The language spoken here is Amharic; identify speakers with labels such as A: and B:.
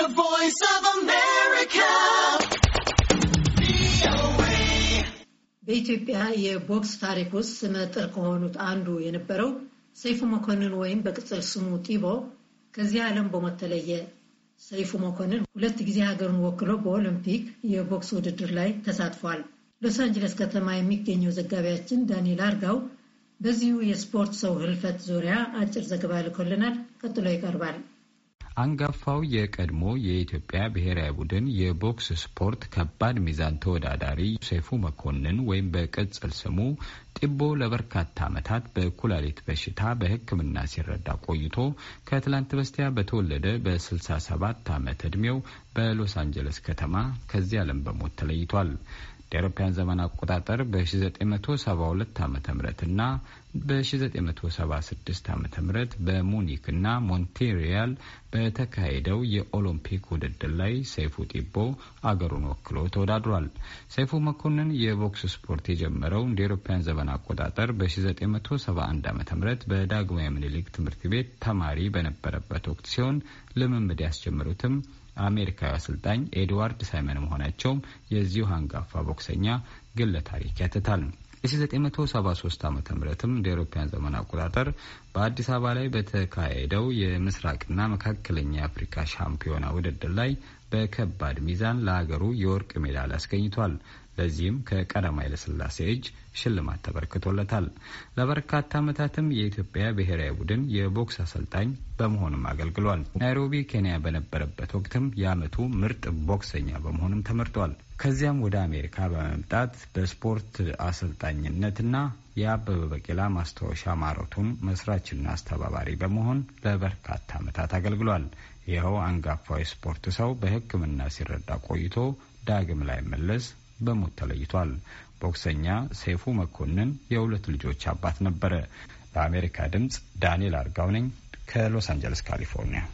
A: The Voice of America
B: በኢትዮጵያ የቦክስ ታሪክ ውስጥ ስመጥር ከሆኑት አንዱ የነበረው ሰይፉ መኮንን ወይም በቅጽል ስሙ ጢቦ ከዚህ ዓለም በመተለየ ሰይፉ መኮንን ሁለት ጊዜ ሀገሩን ወክሎ በኦሎምፒክ የቦክስ ውድድር ላይ ተሳትፏል። ሎስ አንጀለስ ከተማ የሚገኘው ዘጋቢያችን ዳንኤል አርጋው በዚሁ የስፖርት ሰው ህልፈት ዙሪያ አጭር ዘገባ ልኮልናል። ቀጥሎ ይቀርባል።
A: አንጋፋው የቀድሞ የኢትዮጵያ ብሔራዊ ቡድን የቦክስ ስፖርት ከባድ ሚዛን ተወዳዳሪ ሴፉ መኮንን ወይም በቅጽል ስሙ ጢቦ ለበርካታ ዓመታት በኩላሊት በሽታ በሕክምና ሲረዳ ቆይቶ ከትላንት በስቲያ በተወለደ በ67 ዓመት ዕድሜው በሎስ አንጀለስ ከተማ ከዚህ ዓለም በሞት ተለይቷል። የአውሮፓውያን ዘመን አቆጣጠር በ1972 ዓ ም እና በ1976 ዓ ም በሙኒክ እና ሞንቴሪያል በተካሄደው የኦሎምፒክ ውድድር ላይ ሰይፉ ጢቦ አገሩን ወክሎ ተወዳድሯል። ሰይፉ መኮንን የቦክስ ስፖርት የጀመረው እንደ አውሮፓውያን ዘመን አቆጣጠር በ1971 ዓ ም በዳግማዊ ምኒልክ ትምህርት ቤት ተማሪ በነበረበት ወቅት ሲሆን ልምምድ ያስጀምሩትም አሜሪካዊ አሰልጣኝ ኤድዋርድ ሳይመን መሆናቸውም የዚሁ አንጋፋ ቦክሰኛ ግለ ታሪክ ያትታል። የ1973 ዓ ም እንደ ዘመን አቆጣጠር በአዲስ አበባ ላይ በተካሄደው የምስራቅና መካከለኛ የአፍሪካ ሻምፒዮና ውድድር ላይ በከባድ ሚዛን ለሀገሩ የወርቅ ሜዳል አስገኝቷል። ለዚህም ከቀዳማዊ ኃይለስላሴ እጅ ሽልማት ተበርክቶለታል። ለበርካታ ዓመታትም የኢትዮጵያ ብሔራዊ ቡድን የቦክስ አሰልጣኝ በመሆንም አገልግሏል። ናይሮቢ ኬንያ በነበረበት ወቅትም የዓመቱ ምርጥ ቦክሰኛ በመሆንም ተመርጧል። ከዚያም ወደ አሜሪካ በመምጣት በስፖርት አሰልጣኝነትና የአበበ በቂላ ማስታወሻ ማራቶን መስራችና አስተባባሪ በመሆን ለበርካታ ዓመታት አገልግሏል። ይኸው አንጋፋዊ ስፖርት ሰው በሕክምና ሲረዳ ቆይቶ ዳግም ላይ መለስ በሞት ተለይቷል። ቦክሰኛ ሰይፉ መኮንን የሁለት ልጆች አባት ነበረ። ለአሜሪካ ድምፅ ዳንኤል አርጋው ነኝ ከሎስ አንጀለስ ካሊፎርኒያ።